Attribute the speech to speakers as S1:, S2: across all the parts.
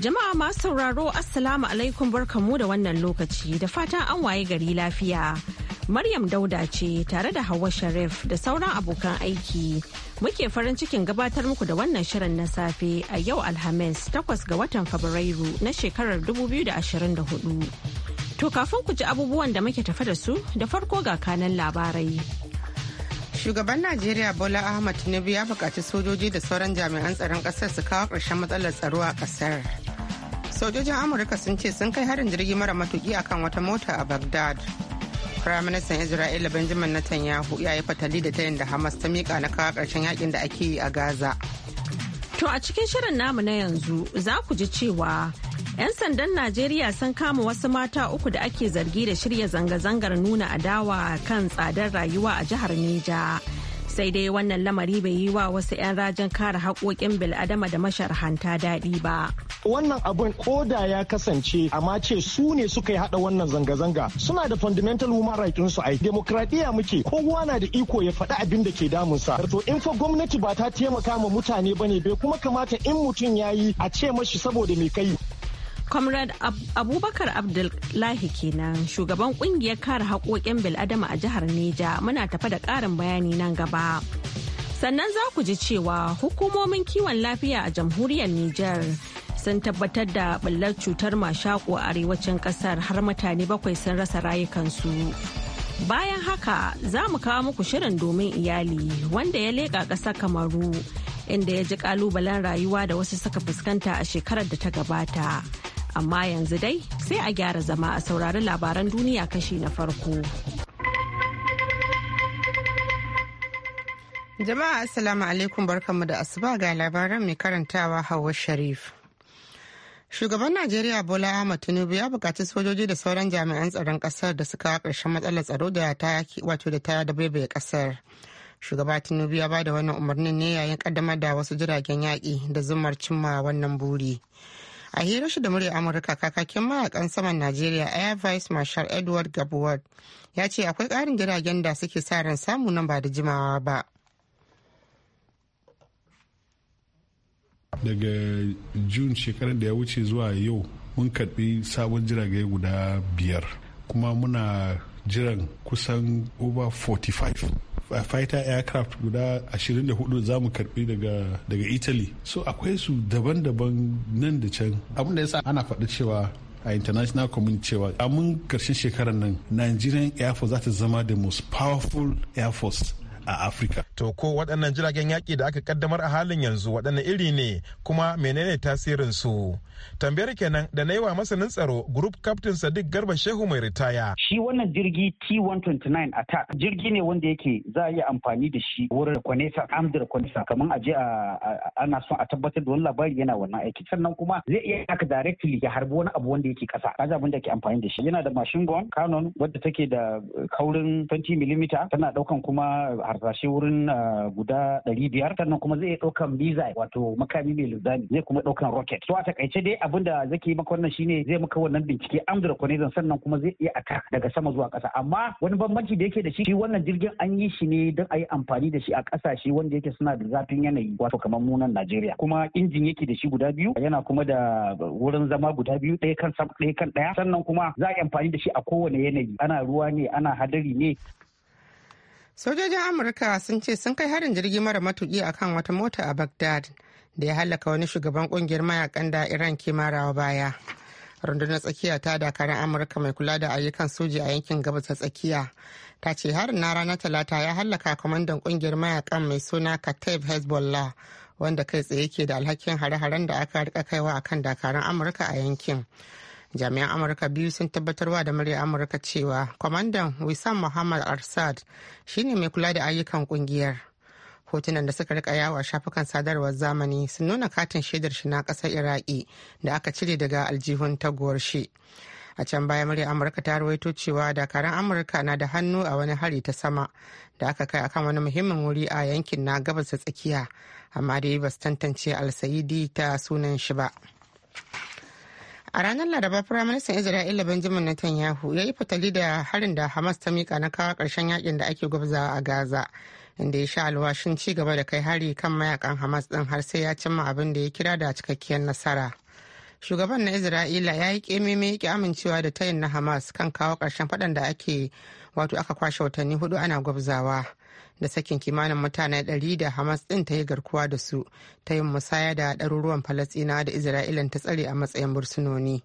S1: Jama'a masu sauraro Assalamu alaikum barkamu da wannan lokaci da fatan an waye gari lafiya. Maryam Dauda ce tare da Hauwa Sharif da sauran abokan aiki. Muke farin cikin gabatar muku da wannan shirin na safe a yau Alhamis 8 ga watan Fabrairu na shekarar 2024.
S2: To kafin ku ji abubuwan da muke tafa da su da farko ga kanan labarai. Shugaban Najeriya Bola Ahmad Tinubu ya bukaci sojoji da sauran jami'an tsaron ƙasar su kawo ƙarshen matsalar tsaro a ƙasar. sojojin amurka sun ce sun kai harin jirgi mara matuki akan wata mota a bagdad minister isra'ila benjamin netanyahu ya yi fatali da tayin da hamas ta mika na kawo karshen yakin da ake yi a gaza to a cikin
S1: shirin namu na yanzu za ku ji cewa 'yan sandan najeriya sun kama wasu mata uku da ake zargi da shirya zanga-zangar nuna adawa kan tsadar rayuwa a jihar neja sai dai wannan lamari bai yi wa wasu 'yan rajin kare haƙoƙin bil'adama da masharhanta daɗi ba.
S3: wannan abin koda ya kasance amma ce su ne suka yi hada wannan zanga-zanga suna da fundamental human right su ai demokradiya muke kowa na da iko ya faɗi abin da ke damunsa to in fa gwamnati ba ta taimaka ma mutane bane bai kuma kamata in mutum ya yi a ce mashi saboda me kai
S1: Comrade Ab Abubakar Abdullahi kenan shugaban kungiyar kare haƙoƙin bil'adama a jihar Neja muna tafa da ƙarin bayani nan gaba. Sannan za ku ji cewa hukumomin kiwon lafiya a jamhuriyar Nijar sun tabbatar da ɓullar cutar mashaƙo a arewacin ƙasar har mutane bakwai sun rasa rayukansu. Bayan haka za mu kawo muku shirin domin iyali wanda ya leƙa ƙasar kamaru inda ya ji ƙalubalen rayuwa da wasu suka fuskanta a shekarar da ta gabata. Amma yanzu dai sai a gyara zama a
S2: saurari labaran duniya kashi na farko. Jama'a Assalamu alaikum barkanmu da asuba ga labaran mai karantawa Hauwa Sharif. Shugaban Najeriya Bola Ahmad Tinubu ya bukaci sojoji da sauran jami'an tsaron ƙasar da suka ƙarshen matsalar tsaro da ta wato da ta da baibaye ƙasar. Shugaba Tinubu ya bada wannan umarnin ne yayin ƙaddamar da wasu jiragen yaƙi da zumar cimma wannan buri. A hira shi da murya Amurka kakakin mayakan saman Najeriya Air Vice Marshal Edward gabuwar ya ce akwai ƙarin jiragen da suke sa ran samu nan ba da jimawa ba.
S4: daga Jun shekarar da ya wuce zuwa yau mun karbi sabon jirage guda biyar kuma muna jiran kusan over 45 fighter aircraft guda 24 za mu karbi daga, Itali. italy so akwai su daban-daban nan da can abin da ya sa ana faɗa cewa a international community cewa a mun karshen shekarar nan nigerian air force za ta zama the most powerful air force a Afirka. To ko waɗannan jiragen yaƙi da aka kaddamar a halin yanzu waɗanne iri ne kuma menene tasirin su? Tambayar kenan da na yi wa masanin tsaro Group Captain Sadiq Garba Shehu mai ritaya. Shi wannan jirgi T129 attack jirgi ne wanda yake za a
S5: yi amfani da shi wurin kwanesa armed sa. kamar a je ana son a tabbatar da wani labari yana wannan aiki sannan kuma zai iya haka directly ya harbi wani abu wanda yake ƙasa kaza abin da ke amfani da shi yana da machine gun Canon wadda take da kaurin 20 mm tana ɗaukan kuma har harsashe wurin ah, guda ɗari biyar sannan kuma zai ɗaukan biza wato makami mai linzami zai kuma ɗaukan rocket to a takaice dai abin da zai yi maka wannan shine zai maka wannan bincike am da sannan kuma zai iya aka daga sama zuwa ƙasa amma wani bambanci da yake da shi wannan jirgin an yi shi ne don a yi amfani da shi a ƙasashe wanda yake suna da zafin yanayi wato kamar munan Najeriya kuma injin yake da shi guda biyu yana kuma da wurin zama guda biyu ɗaya kan ɗaya kan ɗaya sannan kuma za a yi
S2: amfani da shi a kowane yanayi ana ruwa ne ana hadari ne Sojojin Amurka sun ce sun kai harin jirgi mara matuki akan wata mota a Baghdad da ya halaka wani shugaban kungiyar mayakan da Iran ke marawa baya. Rundunar tsakiya ta dakarun Amurka mai kula da ayyukan soji a yankin gabas ta tsakiya ta ce harin na ranar talata ya halaka kwamandan kungiyar mayakan mai suna Kataib Hezbollah wanda kai tsaye ke da alhakin hare-haren da aka rika kaiwa akan dakarun Amurka a yankin. jami'an amurka biyu sun tabbatarwa da murya amurka cewa kwamandan wissam muhammad arsad shine mai kula da ayyukan kungiyar hotunan da suka rika yawo a shafukan sadarwar zamani sun nuna katin shaidar shi na kasar iraki da aka cire daga aljihun taguwar shi a can baya murya amurka ta rawaito cewa dakaran amurka na da hannu a wani hari ta sama da aka kai akan wani muhimmin wuri a yankin na gabas tsakiya amma dai ba su tantance alsayidi ta sunan shi ba a ranar laraba firaministan isra'ila benjamin netanyahu ya yi fatali da harin da hamas ta mika na kawo karshen yakin da ake gwabzawa a gaza inda ya sha alwashin ci gaba da kai hari kan mayakan hamas din har sai ya cimma abin da ya kira da cikakkiyar nasara shugaban na isra'ila ya yi mai yake amincewa da tayin na hamas kan kawo karshen faɗan da ake wato aka kwashe watanni hudu ana gwabzawa da sakin kimanin mutane 100 da hamas ɗin ta yi garkuwa da su ta yin musaya da ɗaruruwan falastina da isra'ilan ta tsare a matsayin bursunoni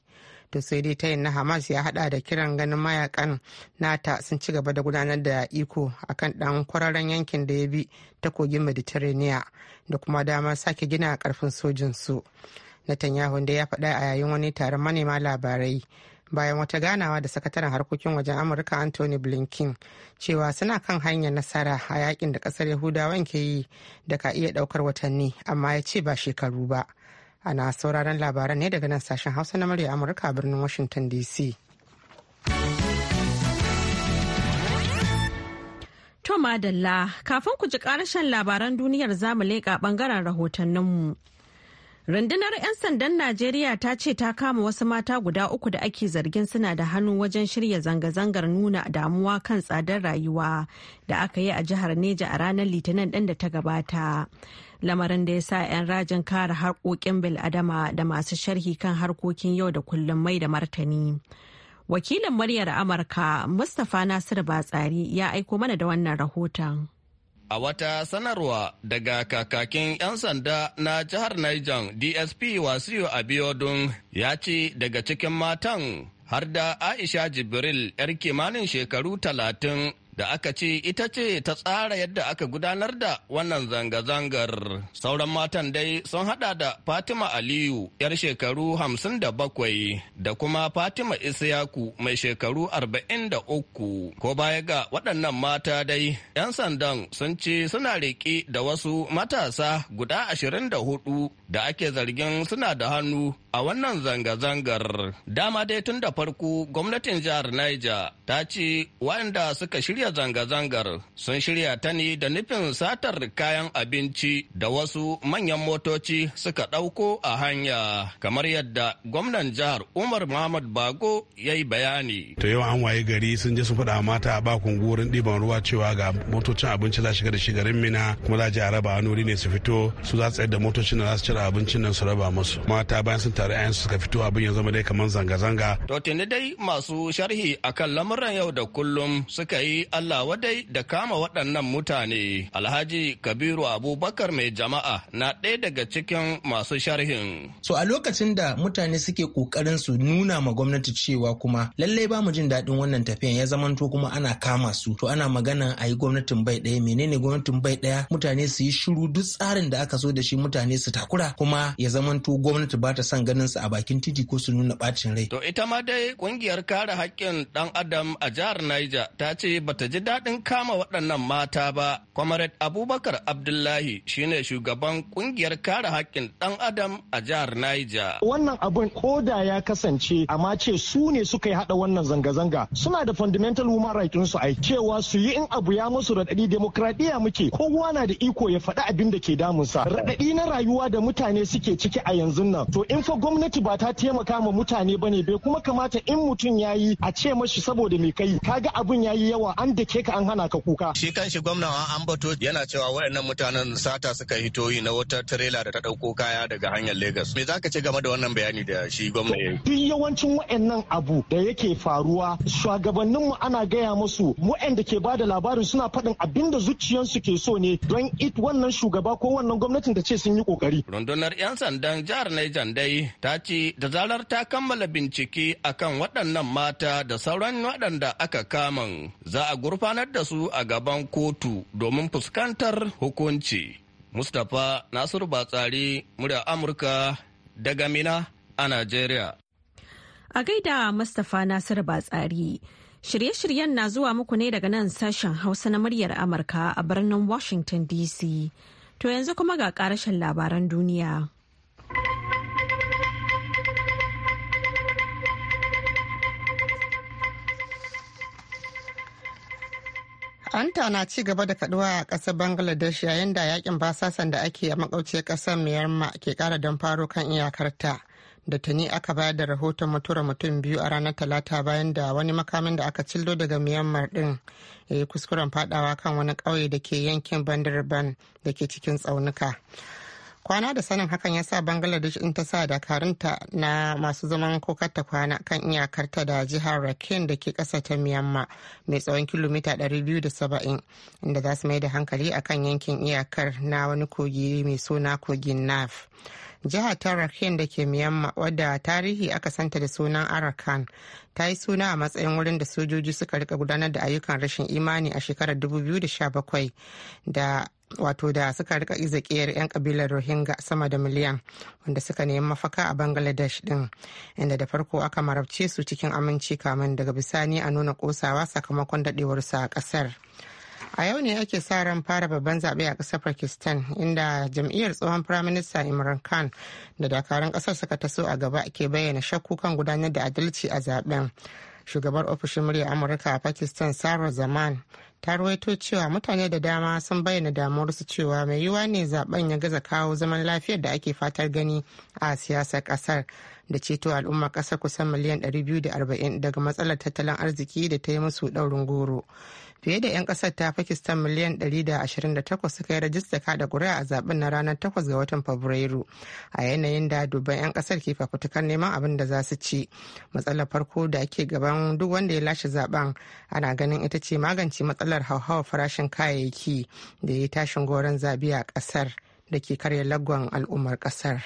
S2: to sai dai yin na hamas ya hada da kiran ganin mayakan nata sun ci gaba da gudanar da iko akan dan kwararren yankin da ya bi ta kogin mediterranea da kuma damar sake gina karfin sojin su natanyahu da ya faɗa a yayin wani taron manema labarai bayan wata ganawa da sakataren harkokin wajen amurka anthony blinken cewa suna kan hanyar nasara a yakin da kasar yahudawan ke yi da ka iya daukar watanni amma ya ce ba shekaru ba ana sauraron labaran ne daga nan sashen hausa na murya amurka a birnin washington dc
S1: To madalla kafin ku ji karashen labaran duniyar zamu leƙa ɓangaren rahotanninmu. Rundunar 'yan sandan Najeriya ta ce ta kama wasu mata guda uku da ake zargin suna da hannu wajen shirya zanga-zangar nuna damuwa kan tsadar rayuwa da aka yi a jihar Neja a ranar Litinin ɗin da ta gabata. Lamarin da ya sa 'yan rajin kare harkokin bil'adama da masu sharhi kan harkokin yau da kullum mai da martani. Wakilin muryar Amurka Mustapha Nasiru Batsari ya aiko mana da wannan rahoton.
S6: A wata sanarwa daga kakakin 'yan sanda na jihar Niger DSP Wasiyu Abiodun ya ce daga cikin matan har da Aisha Jibril 'yar kimanin shekaru talatin da aka ce ita ce ta tsara yadda aka gudanar da wannan zanga-zangar. Sauran matan dai sun hada da Fatima Aliyu, 'yar shekaru 57 da kuma Fatima Isiyaku mai shekaru 43. Ko baya ga waɗannan mata dai, 'yan sandan sun ce suna riƙe da wasu matasa guda 24 da ake zargin suna da hannu a wannan zanga-zangar. Dama dai tun da farko gwamnatin jihar Niger ta ce waɗanda suka shirya shirya zanga-zangar sun shirya ta ne da nufin satar kayan abinci da wasu manyan motoci suka ɗauko a hanya kamar yadda gwamnan jihar Umar Muhammad Bago ya yi bayani. To yau an
S7: waye gari sun je su faɗa mata a bakun gurin ɗiban ruwa cewa ga motocin abinci za shiga da shi garin Mina kuma za a je a raba ne su fito su za su tsayar da motocin da za su cire abincin nan su raba musu. Mata bayan sun tare ayan suka fito abin ya zama dai kamar zanga-zanga.
S6: To tuni dai masu sharhi akan lamuran yau da kullum suka yi Allah wadai da kama waɗannan mutane. Alhaji Kabiru Abubakar mai jama'a na ɗaya daga cikin masu sharhin.
S4: So a lokacin da mutane suke ƙoƙarin su nuna ma gwamnati cewa kuma lallai ba mu jin daɗin wannan tafiyan ya zamanto kuma ana kama su. To ana magana a yi gwamnatin bai ɗaya menene gwamnatin bai ɗaya mutane su yi shiru duk tsarin da aka so da shi mutane su takura kuma ya zamanto gwamnati ba ta son ganin su a bakin titi ko su nuna ɓacin rai. To
S6: ita ma dai ƙungiyar kare haƙƙin ɗan adam a jihar Niger ta ce bata ta ji daɗin kama waɗannan mata ba Comrade Abubakar Abdullahi shine shugaban kungiyar kare haƙƙin ɗan Adam a jihar Niger.
S3: Wannan abun koda ya kasance amma ce su ne suka yi hada wannan zanga-zanga suna da fundamental human rights su ai cewa su yi in abu ya musu radadi demokradiya muke kowa na da iko ya faɗi abin da ke damunsa Radadi na rayuwa da mutane suke ciki a yanzu nan to in fa gwamnati ba ta taimaka ma mutane bane bai kuma kamata in mutum ya yi a ce mashi saboda me kai kaga abun ya yi yawa an dake ka an hana ka kuka. Shi kanshi gwamnati an ambato
S6: yana cewa waɗannan mutanen sata suka hito yi na wata tirela da ta ɗauko kaya daga hanyar Legas. Me za ka ce game da wannan bayani da shi gwamna yi?
S3: Duk yawancin waɗannan abu da yake faruwa shugabanninmu ana gaya musu waɗanda ke ba da labarin suna faɗin abinda zuciyarsu ke so ne don it wannan shugaba ko wannan gwamnatin da ce sun yi ƙoƙari.
S6: Rundunar 'yan sandan jihar Niger dai ta ce da zarar ta kammala bincike akan waɗannan mata da sauran waɗanda aka kama za a gurfanar da su a gaban kotu domin domin fuskantar hukunci. Mustapha Nasiru Batsari, murya Amurka daga Mina a Najeriya.
S1: A gaida Mustapha Nasiru Batsari. Shirye-shiryen na zuwa muku ne daga nan sashen Hausa na muryar Amurka a birnin Washington DC. To yanzu kuma ga karashen labaran duniya.
S2: Hanta na ci gaba da kaduwa a ƙasar Bangladesh yayin da yakin basasan da ake a makauce ƙasar Myanmar ke kara don faro kan iyakarta. Da tuni aka bayar da rahoton mutura mutum biyu a ranar Talata bayan da wani makamin da aka cildo daga Myanmar din ya yi kuskuren fadawa kan wani ƙauye da ke yankin ban da ke cikin tsaunuka. kwana da sanin hakan ya sa bangladesh in ta sa dakarunta na masu zaman kokar ta kwana kan iyakarta da jihar rakin da ke kasa ta myanmar mai tsawon kilomita 270 inda za su mai da hankali a kan yankin iyakar na wani kogi mai suna kogin naf jihar ta rakin da ke myanmar wadda tarihi aka santa da sunan arakan ta yi suna a matsayin wurin da sojoji suka rika gudanar da ayyukan rashin imani a shekarar 2017 da wato da suka rika izakiyar 'yan kabilar rohingya sama da miliyan wanda suka nemi mafaka a bangladesh din inda da farko aka marabce su cikin aminci kamun daga bisani a nuna kosawa sakamakon daɗewarsu a kasar. a yau ne ake sa ran fara babban zaɓe a ƙasar pakistan inda jam'iyyar tsohon firaminista imran khan da dakarun ƙasar suka taso a gaba ke bayyana shakku kan gudanar da adalci a zaɓen shugabar ofishin murya amurka a pakistan sarah zaman ta ruwaito cewa mutane da dama sun bayyana damuwarsu cewa mai yiwuwa ne zaben ya gaza kawo zaman lafiyar da ake fatar gani a siyasar kasar da ceto al'ummar kasar kusan miliyan 240 daga matsalar tattalin arziki da ta yi musu daurin goro fiye da 'yan kasar ta pakistan miliyan 128 suka yi rajista kada kuri'a a zaben na ranar 8 ga watan fabrairu a yanayin da dubban 'yan kasar ke fafutukar neman abin da za su ci matsalar farko da ake gaban duk wanda ya lashe zaben ana ganin ita ce magance matsalar hauhawar farashin kayayyaki da ya yi tashin goron zabi a kasar da ke karya lagon al'ummar kasar.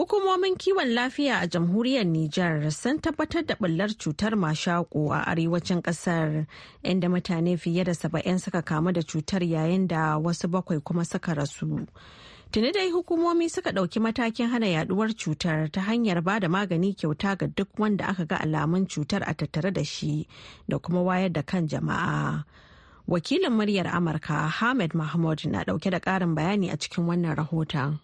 S1: Hukumomin kiwon lafiya a jamhuriyar Nijar sun tabbatar da ɓullar cutar mashaƙo a arewacin ƙasar inda mutane fiye da saba'in suka kamu da cutar yayin da wasu bakwai kuma suka rasu. Tuni dai hukumomi suka ɗauki matakin hana yaduwar cutar ta hanyar ba da magani kyauta ga duk wanda aka ga alamun cutar a tattare da shi da kuma wayar da kan jama'a. Wakilin muryar Amurka Ahmed Mahmud na ɗauke da ƙarin bayani a cikin wannan rahoton.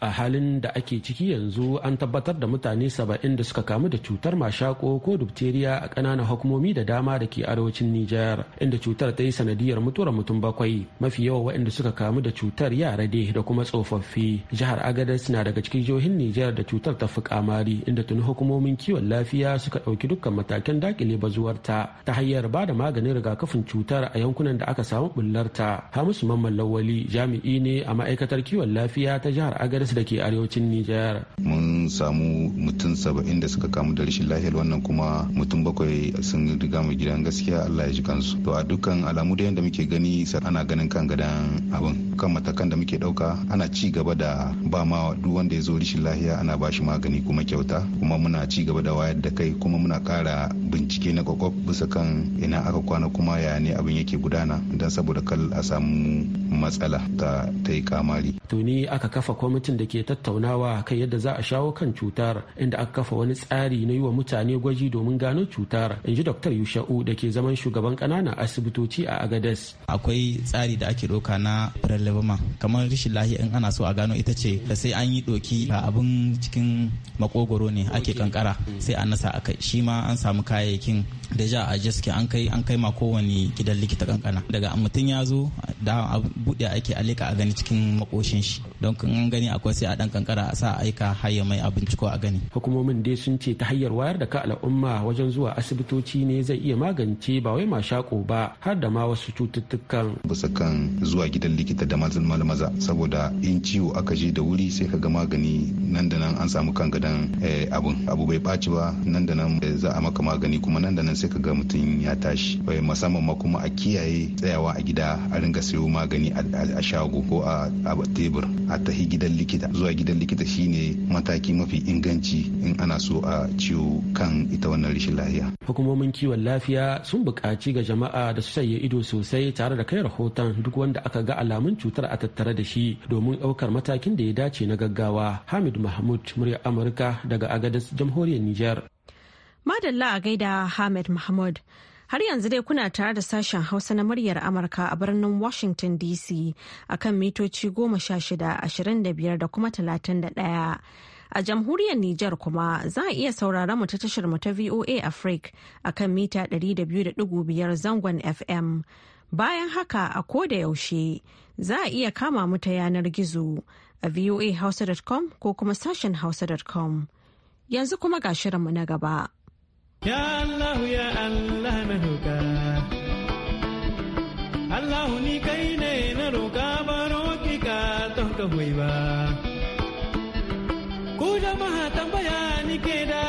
S7: a halin da ake ciki yanzu an tabbatar da mutane saba'in da suka kamu da cutar mashako ko dubteriya a ƙananan hukumomi da dama da ke arewacin Nijar inda cutar ta yi sanadiyar mutuwar mutum bakwai mafi yawa waɗanda suka kamu da cutar yara dai da kuma tsofaffi jihar Agadez na daga cikin jihohin Nijar da cutar ta fi kamari inda tuni hukumomin kiwon lafiya suka ɗauki dukkan matakan dakile bazuwarta ta hanyar ba da maganin rigakafin cutar a yankunan da aka samu bullarta. Hamisu Mamman Lawali jami'i ne a ma'aikatar kiwon lafiya ta jihar Agadez wasu da ke arewacin Nijar.
S4: Mun samu mutum saba'in da suka kamu da rashin lafiyar wannan kuma mutum bakwai sun riga mu gidan gaskiya Allah ya ji kansu. To a dukkan alamu da yadda muke gani ana ganin kan gadan abin. Kan matakan da muke ɗauka ana ci gaba da ba ma duk wanda ya zo rashin lafiya ana ba shi magani kuma kyauta kuma muna ci gaba da wayar da kai kuma muna kara bincike na kwakwaf bisa kan ina aka kwana kuma ya ne abin yake gudana don saboda kal a samu matsala ta ta yi kamari.
S7: To ni aka kafa kwamitin da ke tattaunawa kan yadda za a shawo kan cutar inda aka kafa wani tsari na yi wa mutane gwaji domin gano cutar in ji dr yusha'u da ke zaman shugaban ƙananan asibitoci a agadas akwai tsari da ake ɗauka na prelevama kamar rashin lahiya in ana so a gano ita ce da sai an yi ba abin cikin makogoro ne ake kankara sai a nasa akai shi ma an samu kayayyakin da ja a jaske an kai an kai ma kowane gidan likita kankana daga mutum ya zo da buɗe ake alika a gani cikin makoshin shi don an gani akwai ko sai a dan kankara a sa aika hayya mai a binciko a gani hukumomin dai sun ce ta hanyar wayar da ka al'umma wajen zuwa asibitoci ne zai iya magance ba wai mashako ba har da ma wasu cututtukan
S4: bisa kan zuwa gidan likita da mazan maza saboda in ciwo aka je da wuri sai ka ga magani nan da nan an samu kan gadan eh, abun abu bai ɓaci ba nan da nan eh, za a maka magani kuma nan da nan sai ka ga mutum ya tashi musamman ma kuma a kiyaye tsayawa a gida a ringa sayo magani a shago ko a tebur a tahi gidan likita likita zuwa gidan likita shine mataki mafi inganci in ana so a ciwo kan ita wannan rashin lafiya
S7: hukumomin kiwon lafiya sun buƙaci ga jama'a da su sanya ido sosai tare da kai rahoton duk wanda aka ga alamun cutar a tattare da shi domin ɗaukar matakin da ya dace na gaggawa hamid mahmud murya amurka daga agadas jamhuriyar niger
S1: madalla a gaida hamid mahmud Har yanzu dai kuna tare da sashen Hausa na muryar Amurka a birnin Washington DC a kan mitoci goma sha shida ashirin da biyar da kuma talatin da ɗaya. A jamhuriyar Nijar kuma za a iya saurara mu ta tashar mu ta VOA Africa a kan mita 200.5 zangon FM. Bayan haka a koda yaushe za a iya kama mu ta yanar gizo a voahausa.com ko kuma sashen hausa.com. Yanzu kuma ga shirinmu na gaba.
S3: Ya Allah ya
S4: Allah na roka Allah ni kai ne na roka baro ki ka ton ka ba Ku
S7: jama'a tambaya ni ke da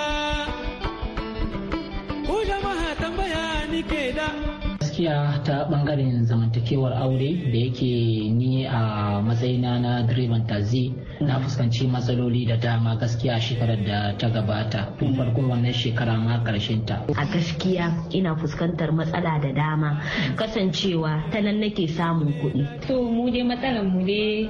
S7: Ku jama'a tambaya ni ke da
S8: Gaskiya ta bangaren zaman cewar aure da yake ni a matsayina na direban tazi na fuskanci matsaloli da dama gaskiya shekarar da ta gabata tun farkon wannan shekara ma karshen ta a
S9: gaskiya ina fuskantar matsala da dama kasancewa ta nan nake samun kuɗi to mu dai matsalar mu dai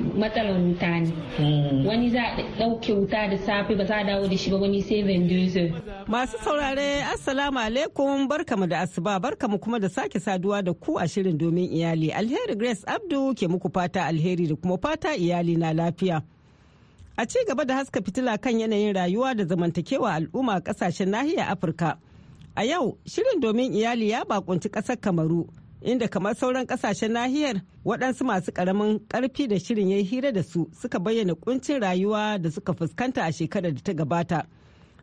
S9: matsalar ne hmm. wani za a ɗauke
S10: wuta da safe ba za a dawo da shi ba wani sai vendor masu saurare assalamu
S5: alaikum barkamu da asuba barkamu kuma da sake saduwa da ku a shirin domin iyali alheri grace abdu ke muku fata alheri da kuma fata iyali na lafiya a ci gaba da haska fitila kan yanayin rayuwa da zamantakewa al'umma a kasashen nahiyar afirka a yau shirin domin iyali ya bakunci kasar kamaru inda kamar sauran kasashen nahiyar waɗansu masu ƙaramin ƙarfi da shirin ya yi hira da su suka bayyana kuncin rayuwa da suka fuskanta a shekarar da ta gabata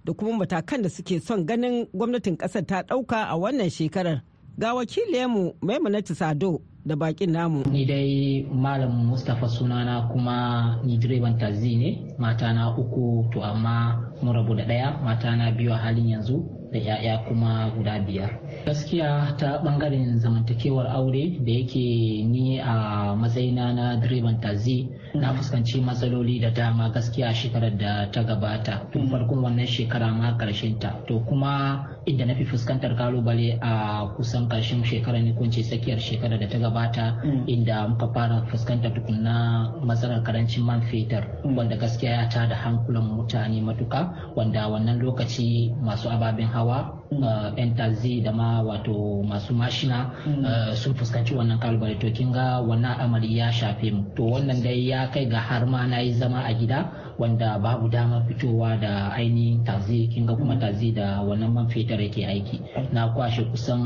S5: da kuma matakan da suke son ganin gwamnatin ƙasar ta ɗauka a wannan shekarar ga wakilinmu maimunatu sado da bakin namu. Ni dai Malam Mustapha sunana kuma ni direban tazi ne, mata na
S8: uku to amma mun rabu da ɗaya, mata na biyu a halin yanzu. da 'ya'ya kuma guda biyar gaskiya ta bangaren zamantakewar aure da yake ni a matsayina na direban tazi na fuskanci matsaloli da dama gaskiya shekarar da ta gabata tun farkon wannan shekara ma karshen ta to kuma inda na fi fuskantar kalubale a kusan karshen shekara ne kunce tsakiyar shekarar da ta gabata mm. inda muka fara fuskantar tukunna matsalar karancin man fetur mm. wanda gaskiya ya da hankulan mutane matuka wanda wannan lokaci masu ababen hawa 'yan mm. eh, tazi da ma wato masu mashina mm. eh, sun fuskanci wannan kalubale to kin wannan al'amari ya shafe mu to wannan dai ya kai ga har ma na yi zama a gida wanda babu damar fitowa da ainihin tazi kin ga kuma tazi da wannan man fetur yake aiki na kwashe kusan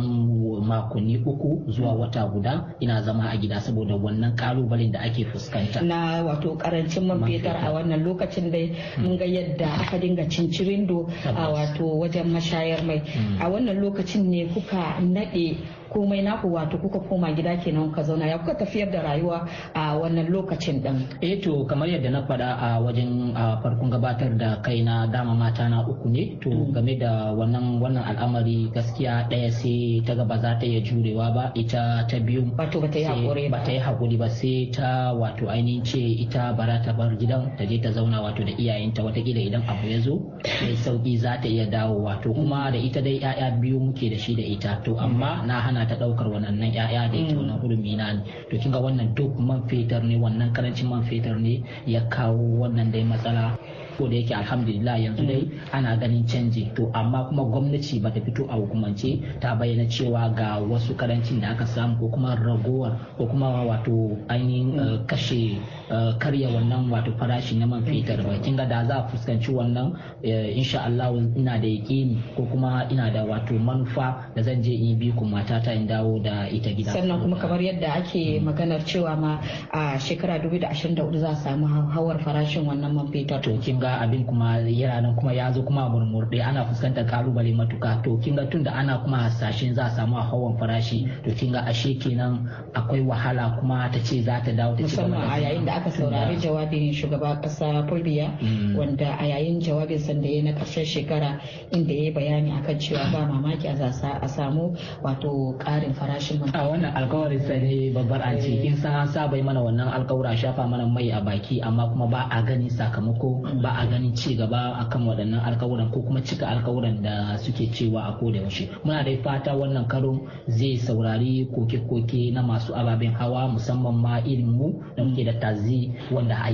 S8: makonni uku zuwa wata guda ina zama a gida saboda wannan kalubalen da ake fuskanta
S10: na wato karancin man fetur a wannan lokacin dai hmm. mun ga yadda aka dinga cincirindo a wato wajen mashayar mai hmm. a wannan lokacin ne kuka nade komai naku wato kuka koma gida kenan kuka zauna ya kuka tafiyar da rayuwa a wannan lokacin din
S8: eh to kamar yadda na faɗa a wajen farkon gabatar da kai na dama mata na uku ne to mm. game da wannan wannan al'amari gaskiya ɗaya sai ta gaba za ta iya jurewa ba ita ta biyu wato ba ta yi hakuri ba ta yi hakuri ba sai ta wato ainihin ce ita bara ta bar gidan ta je ta zauna wato da iyayenta watakila idan abu ya zo mai sauki za ta iya dawo wato kuma mm. da ita dai 'ya'ya biyu muke da shi da ita to amma mm. na hana ana ta ɗaukar wannan ya'ya da yake wannan hurumi na ne to kinga wannan duk man fetur ne wannan karancin man fetur ne ya kawo wannan dai matsala ko da yake alhamdulillah yanzu dai mm. ana ganin canji to amma kuma gwamnati ba ta fito a hukumance ta bayyana cewa ga wasu karancin da aka samu ko kuma ragowar ko kuma wato ainihin mm. eh, kashe eh, karya wannan wato farashi na man fetur ba mm. kinga da za a fuskanci wannan eh, insha Allah ina da yakini ko kuma ina da wato manufa
S10: da zan je in bi kuma matata in dawo da ita gida sannan kuma kamar yadda ake maganar cewa ma a shekara 2024 za a samu hawar farashin wannan man fetur to kinga
S8: ga abin kuma yana nan kuma ya zo kuma murmurde ana fuskantar kalubale matuka to kin ga tunda ana kuma hasashen za a samu a hawan farashi to kin ga ashe kenan akwai wahala kuma ta
S10: ce za ta dawo ta ci musamman a yayin da aka saurari jawabin shugaba kasa Fulbiya mm. wanda a yayin jawabin sanda ya na karshen shekara inda ya yi bayani akan cewa ba mamaki a samu wato karin farashin man a wannan alkawarin sa ne babbar an ce eh. kin san
S8: an mana wannan alkawura shafa mana mai a baki amma kuma ba a gani sakamako ba a ganin ci gaba akan waɗannan alkawuran ko kuma cika alkawuran da suke cewa a koda yaushe muna dai fata wannan karo zai saurari koke-koke na masu ababen hawa musamman ma irin mu da muke da tazi wanda har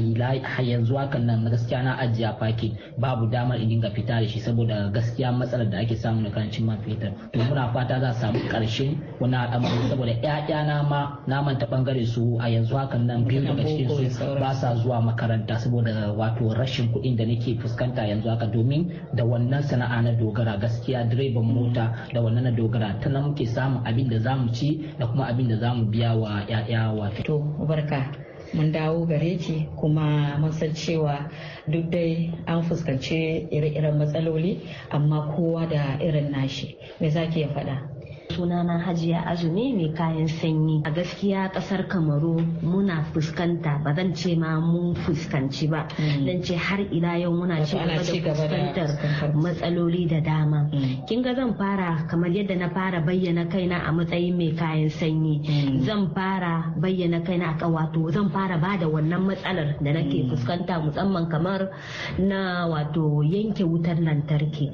S8: yanzu hakan nan gaskiya na ajiya faki babu damar in dinga fita da shi saboda gaskiya matsalar da ake samu na karancin man fetur to muna fata za samu karshen wani al'amari saboda na ma na manta bangare su a yanzu hakan nan biyu daga cikin su ba sa zuwa makaranta saboda wato rashin kuɗin yanayin da nake fuskanta yanzu haka domin da wannan sana'a na dogara gaskiya direban mota da wannan na dogara ta nan muke samun abin da zamu ci da kuma abin da zamu biya wa 'ya'ya wa to
S10: barka mun dawo gare ki kuma mun san cewa duk dai
S9: an fuskanci ire-iren matsaloli amma kowa da irin nashi me za ya faɗa sunana hajiya azumi mai kayan sanyi a gaskiya kasar kamaru muna fuskanta ba zan ce ma mun fuskanci ba dan mm. ce har ila yau muna ci gaba da fuskantar matsaloli da dama mm. kin ga zan fara kamar yadda na fara bayyana kaina a matsayin mai kayan sanyi mm. zan fara bayyana kaina a wato zan fara ba da wannan matsalar da nake fuskanta musamman kamar na wato yanke wutar lantarki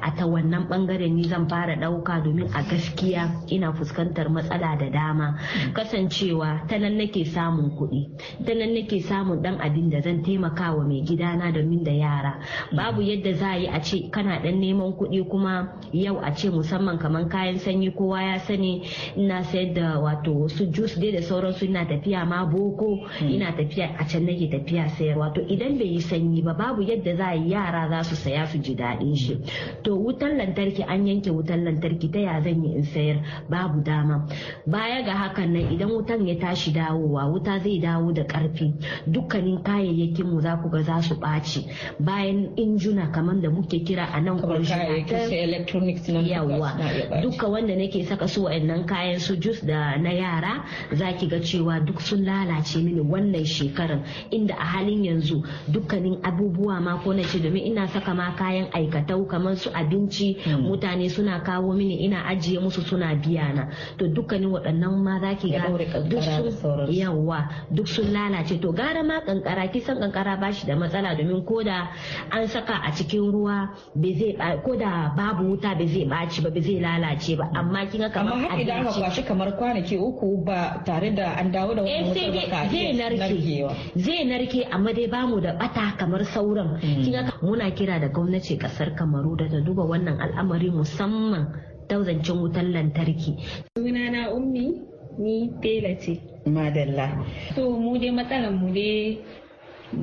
S9: a ta wannan bangare ni zan fara dauka domin a gaskiya gaskiya ina fuskantar matsala da dama kasancewa ta nan nake samun kuɗi ta nan nake samun dan abin da zan taimaka wa mai gidana domin da yara babu yadda za a yi a ce kana dan neman kuɗi kuma yau a ce musamman kamar kayan sanyi kowa ya sani ina sayar da wato su jus dai da sauransu ina tafiya ma boko ina tafiya a can nake tafiya sayar wato idan bai yi sanyi ba babu yadda za a yi yara za su saya su ji daɗin shi to wutan lantarki an yanke wutan lantarki ta ya zan yi in sayar babu dama baya ga hakan nan idan wutan ya tashi dawowa wuta zai dawo da karfi dukkanin kayayyakin mu za ku ga za su ɓaci bayan injuna kamar da muke kira a nan yawa duka wanda nake saka su wa'annan kayan su jus da na yara za ki ga cewa duk sun lalace mini wannan shekarar inda a halin yanzu dukkanin abubuwa ma ko na ce domin ina saka ma kayan aikatau kamar su abinci hmm. mutane suna kawo mini ina ajiye musu suna biya na to dukkanin waɗannan ma za ki ga yawa duk sun lalace to gara ma kankara kisan kankara ba shi da matsala domin koda an saka a cikin ruwa koda babu wuta ba zai ɓaci ba ba zai lalace ba amma kin ga kamar abinci da aka kwashi
S10: kamar kwanaki uku ba tare da an dawo da wani wutar ba zai narke
S9: zai narke amma dai bamu da bata kamar sauran kin ga mm. muna kira da gwamnati kasar Kamaru da ta duba wannan al'amari musamman zancen wutar lantarki.
S10: Sunana ummi ni tela
S9: ce. Madalla.
S10: To mu dai matsalar mu dai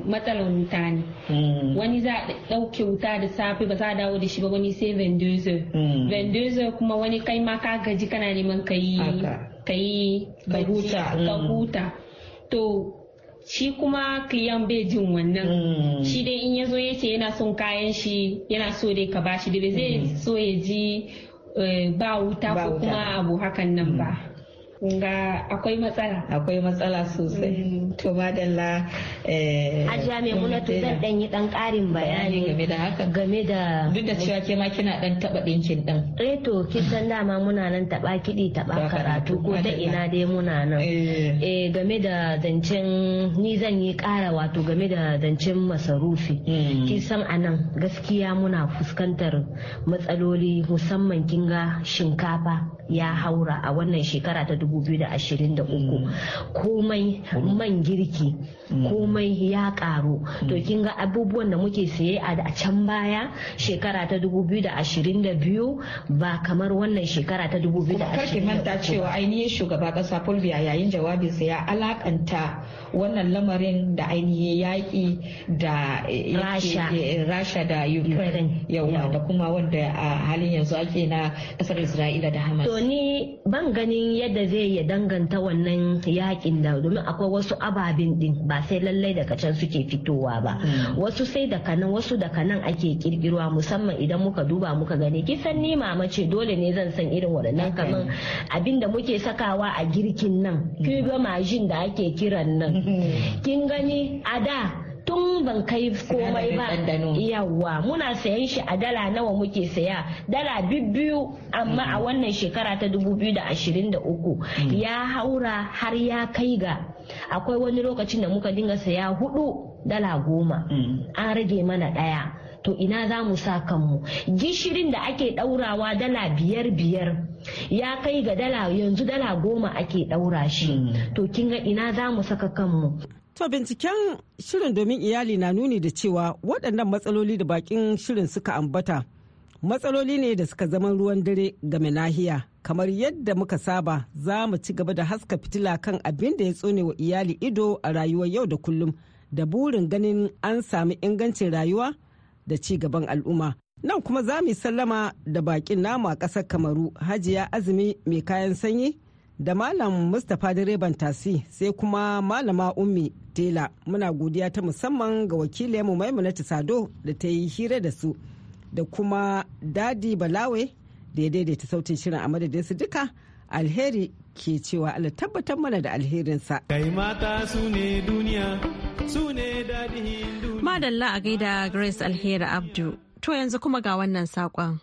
S10: matsalar wuta ne. Hmm. Wani za a ɗauke wuta da safe ba za a dawo da shi ba wani sai vendozer. Hmm. Vendozer kuma wani kai ma ka gaji kana neman ka yi ka yi ka hmm. huta. To shi kuma kiyan bai jin wannan shi dai in ya zo ya ce yana son kayan shi yana so dai ka bashi da zai so ya ji Eh, ba wuta ko kuma abu hakan nan ba ga akwai matsala akwai matsala
S9: sosai mm. to madalla eh, hajiya mai munatu zan dan yi dan karin bayani game da haka game da duk da cewa ke ma kina dan taba dinkin dan eh to kin san dama muna nan taba kidi taba karatu ko ta ina dai muna nan eh. eh game da zancen ni zan yi kara wato game da zancen masarufi mm. kin san anan gaskiya muna fuskantar matsaloli musamman kinga shinkafa ya haura a wannan shekara ta 2023 mm. komai man girki mm. komai ya karu mm. to kin ga abubuwan da muke saye a can baya shekara ta 2022 ba kamar wannan shekara ta 2023 kuma karki manta cewa ainihin shugaba kasa fulbiya yayin jawabinsa ya alakanta
S10: wannan lamarin da ainihin yaƙi da eh, rasha da ukraine yawa da kuma wanda a halin yanzu ake na kasar isra'ila
S9: da hamas to ni ban ganin yadda zai zai ya danganta wannan yakin da domin akwai wasu ababen din ba sai lallai daga can suke fitowa ba hmm. wasu sai daga nan wasu daga nan ake kirkirwa musamman idan muka duba muka gani kisan ni mama ce dole ne zan san irin waɗannan kaman abin da muke sakawa a girkin nan kiga majin da ake kiran nan hmm. kin gani a da tun ban kai komai ba yawa muna sayan shi a dala nawa muke saya dala biyu amma a mm. wannan shekara ta 2023 mm. ya haura har ya kai ga akwai wani lokacin da muka dinga saya hudu dala goma mm. an rage mana daya to ina za mu sa kanmu gishirin da ake daurawa dala biyar biyar ya kai ga dala yanzu dala goma ake daura shi to kinga ina za
S5: mu saka kanmu To binciken shirin domin iyali na nuni da cewa waɗannan matsaloli da bakin shirin suka ambata matsaloli ne da suka zama ruwan dare game nahiya kamar yadda muka saba za mu ci gaba da haska fitila kan abin da ya tsone wa iyali ido a rayuwar yau da kullum da burin ganin an sami ingancin rayuwa da ci gaban al'umma nan kuma za mu sallama da bakin namu a ƙasar kamaru hajiya azumi mai kayan sanyi da malam mustapha direban tasi sai kuma malama ummi tela muna godiya ta musamman ga wakilinmu maimunatu sado da ta yi hira da su da kuma dadi balawe da ya daidaita sautin shirin a madadin su duka alheri ke cewa ala tabbatar mana da alherinsa kai mata
S3: su ne duniya su ne dadi hindu
S1: madalla a gaida grace alheri abdu to yanzu kuma ga wannan saƙon.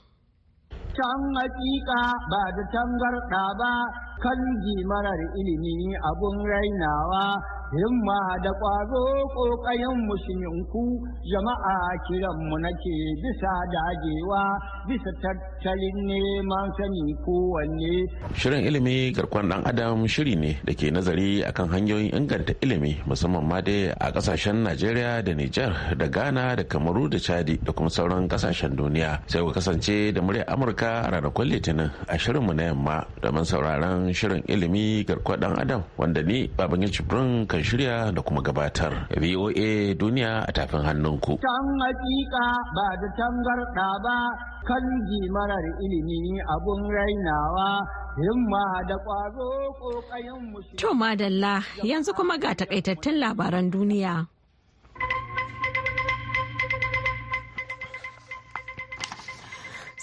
S3: can hakika ba da tangarda ba kan marar ilimi abun rainawa himma da ƙwazo ƙoƙayen musulminku jama'a kiranmu nake bisa dagewa bisa tattalin neman sani kowanne.
S7: Shirin ilimi garkon ɗan adam shiri ne da ke nazari akan hanyoyin inganta ilimi musamman ma dai a ƙasashen Najeriya da Nijar da Ghana da Kamaru da Chadi da kuma sauran kasashen duniya. Sai ku kasance da murya Amurka a ranakun Litinin a shirin mu na yamma domin sauraron shirin ilimi garkon dan adam wanda ni Babangida Jibrin kan shirya da kuma gabatar. VOA duniya a tafin hannunku.
S3: Can hakika ba da tangarɗa ba kan marar ilimi abun rainawa himma da ƙwazo ƙoƙayen mushi. To madalla yanzu kuma ga
S2: takaitattun labaran duniya.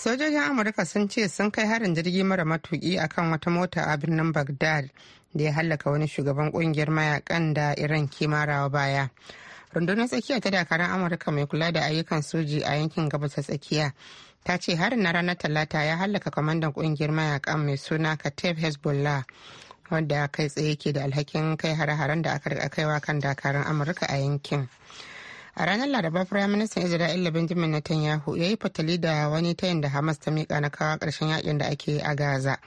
S2: sojojin amurka sun ce sun kai harin jirgi mara matuki akan wata mota a birnin baghdad da ya hallaka wani shugaban kungiyar mayakan da iran kimarawa baya rundunar tsakiya ta dakarun amurka mai kula da ayyukan soji a yankin gabas ta tsakiya ta ce harin na ranar talata ya hallaka kwamandan kungiyar mayakan mai suna katef hezbollah wanda kai tsaye ke da alhakin kai hare-haren da aka kaiwa kan dakarun amurka a yankin a ranar laraba firaministan isra'ila benjamin netanyahu ya yi fatali da wani tayin da hamas ta miƙa na kawo ƙarshen yakin da ake a gaza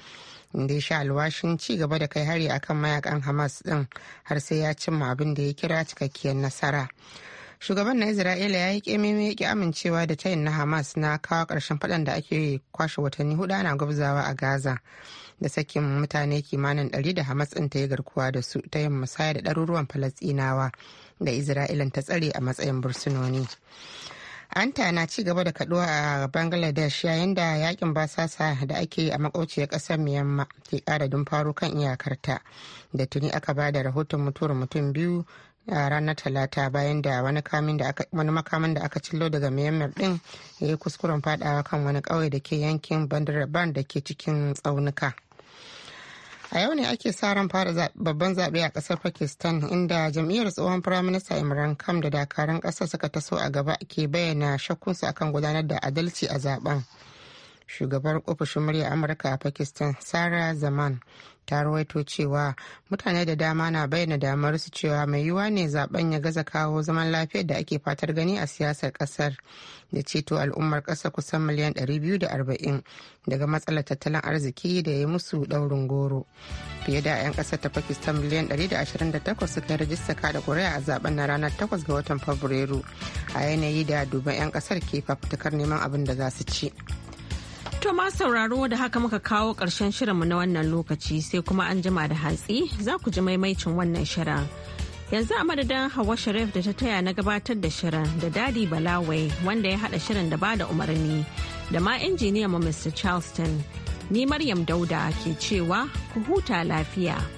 S2: inda ya sha alwashin ci gaba da kai hari akan mayakan hamas din har sai ya cimma abin da ya kira cikakkiyar nasara shugaban na isra'ila ya yi kemimi ya ki amincewa da tayin na hamas na kawo ƙarshen faɗan da ake kwashe watanni hudu ana gwabzawa a gaza da sakin mutane kimanin ɗari da hamas ɗin ta yi garkuwa da su ta yin musaya da ɗaruruwan falasɗinawa da isra'ilan ta tsare a matsayin bursunoni anta na ci gaba da kaduwa a bangladesh yayin da yakin basasa da ake a makauciyar kasar myanmar ke kara dumfaro kan iyakarta da tuni aka ba da rahoton mutuwar mutum biyu a ranar talata bayan da wani makamin da aka cillo daga myanmar din ya yi kuskuren fadawa kan wani kauye da ke yankin bandar da ke cikin tsaunuka a yau ne ake sa ran fara babban zaɓe a ƙasar pakistan inda jam'iyyar tsohon firaminista imran kam da dakarun ƙasar suka taso a gaba ke bayyana shakkunsu akan gudanar da adalci a zaben shugabar ofishin murya amurka a pakistan sara zaman ta rawaito cewa mutane da dama na bayyana damar su cewa mai yiwuwa ne zaben ya gaza kawo zaman lafiyar da ake fatar gani a siyasar kasar da ceto al'ummar kasa kusan miliyan 240 daga matsalar tattalin arziki da ya musu daurin goro fiye da 'yan kasar ta pakistan miliyan 128 suka yi rajista kada kuri'a a zaben na ranar 8 ga watan fabrairu a yanayi da duban 'yan kasar ke fafutukar neman abin da za su ci.
S1: To ma sauraro da haka muka kawo ƙarshen shirinmu na wannan lokaci sai kuma an jima da hantsi za ku ji maimaicin wannan shirin. Yanzu a madadin Hawa Sharif da ta taya na gabatar da shirin da Dadi Balawai wanda ya haɗa shirin da ba da umarni da ma injiniyan mu Mr. Charleston. Ni Maryam Dauda ke cewa ku huta lafiya.